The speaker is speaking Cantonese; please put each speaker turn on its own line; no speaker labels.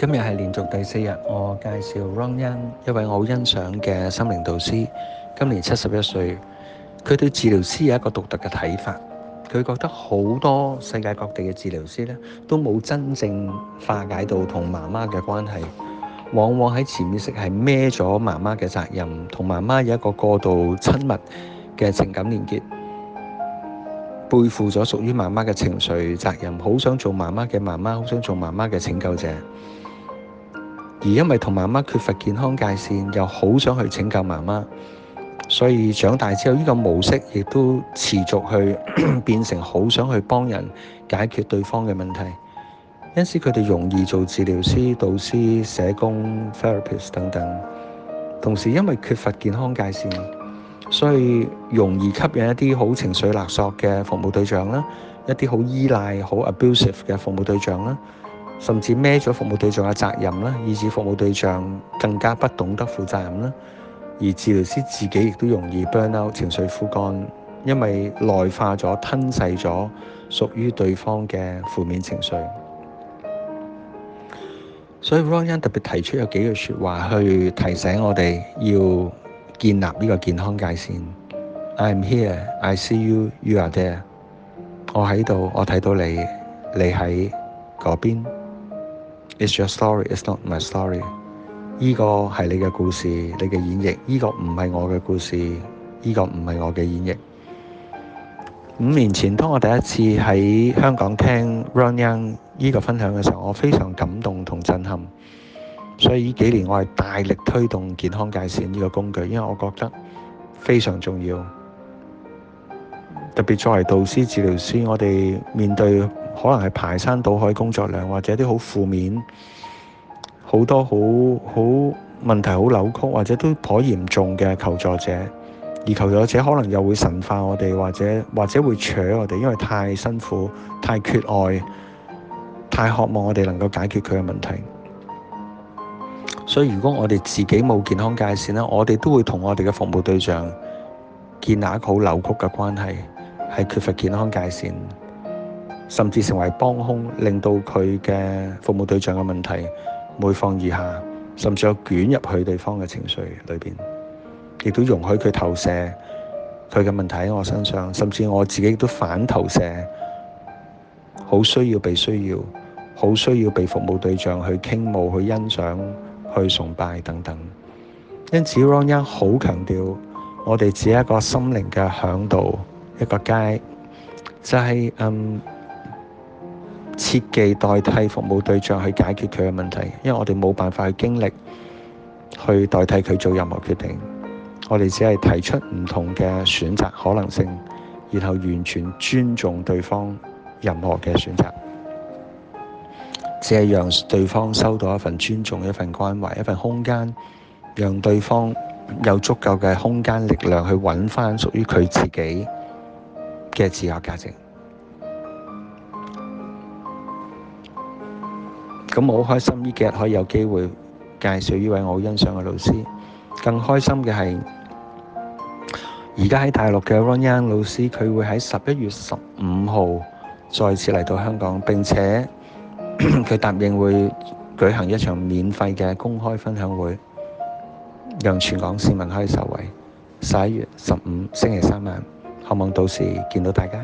今日係連續第四日，我介紹 Ronin 一位我好欣賞嘅心靈導師。今年七十一歲，佢對治療師有一個獨特嘅睇法。佢覺得好多世界各地嘅治療師咧，都冇真正化解到同媽媽嘅關係，往往喺潛意識係孭咗媽媽嘅責任，同媽媽有一個過度親密嘅情感連結，背負咗屬於媽媽嘅情緒責任，好想做媽媽嘅媽媽，好想做媽媽嘅拯救者。而因為同媽媽缺乏健康界線，又好想去拯救媽媽，所以長大之後呢、呢個模式亦都持續去 變成好想去幫人解決對方嘅問題，因此佢哋容易做治療師、導師、社工、therapist 等等。同時因為缺乏健康界線，所以容易吸引一啲好情緒勒索嘅服務對象啦，一啲好依賴、好 abusive 嘅服務對象啦。甚至孭咗服務對象嘅責任啦，以致服務對象更加不懂得負責任啦，而治療師自己亦都容易 burn out 情緒枯乾，因為內化咗、吞噬咗屬於對方嘅負面情緒。所以 Ronin 特別提出有幾句説話去提醒我哋要建立呢個健康界線。I am here, I see you, you are there。我喺度，我睇到你，你喺嗰邊。It's your story, it's not my story。依個係你嘅故事，你嘅演繹。依個唔係我嘅故事，依個唔係我嘅演繹。五年前，當我第一次喺香港聽 Ron Young 依個分享嘅時候，我非常感動同震撼。所以依幾年我係大力推動健康界線呢個工具，因為我覺得非常重要。特別作為導師、治療師，我哋面對，可能係排山倒海工作量，或者啲好負面、好多好好問題、好扭曲，或者都頗嚴重嘅求助者。而求助者可能又會神化我哋，或者或者會扯我哋，因為太辛苦、太缺愛、太渴望我哋能夠解決佢嘅問題。所以如果我哋自己冇健康界線呢，我哋都會同我哋嘅服務對象建立一個好扭曲嘅關係，係缺乏健康界線。甚至成為幫兇，令到佢嘅服務對象嘅問題每況愈下，甚至有捲入佢對方嘅情緒裏邊，亦都容許佢投射佢嘅問題喺我身上，甚至我自己都反投射，好需要被需要，好需要被服務對象去傾慕、去欣賞、去崇拜等等。因此 Ronin 好強調我哋只係一個心靈嘅嚮導，一個 guide，就是，就係嗯。切忌代替服務對象去解決佢嘅問題，因為我哋冇辦法去經歷，去代替佢做任何決定。我哋只係提出唔同嘅選擇可能性，然後完全尊重對方任何嘅選擇，只係讓對方收到一份尊重、一份關懷、一份空間，讓對方有足夠嘅空間力量去揾翻屬於佢自己嘅自由價值。咁我好開心呢幾日可以有機會介紹呢位我好欣賞嘅老師。更開心嘅係，而家喺大陸嘅 Ron Yang 老師，佢會喺十一月十五號再次嚟到香港，並且佢答應會舉行一場免費嘅公開分享會，讓全港市民可以受惠。十一月十五星期三晚，希望到時見到大家。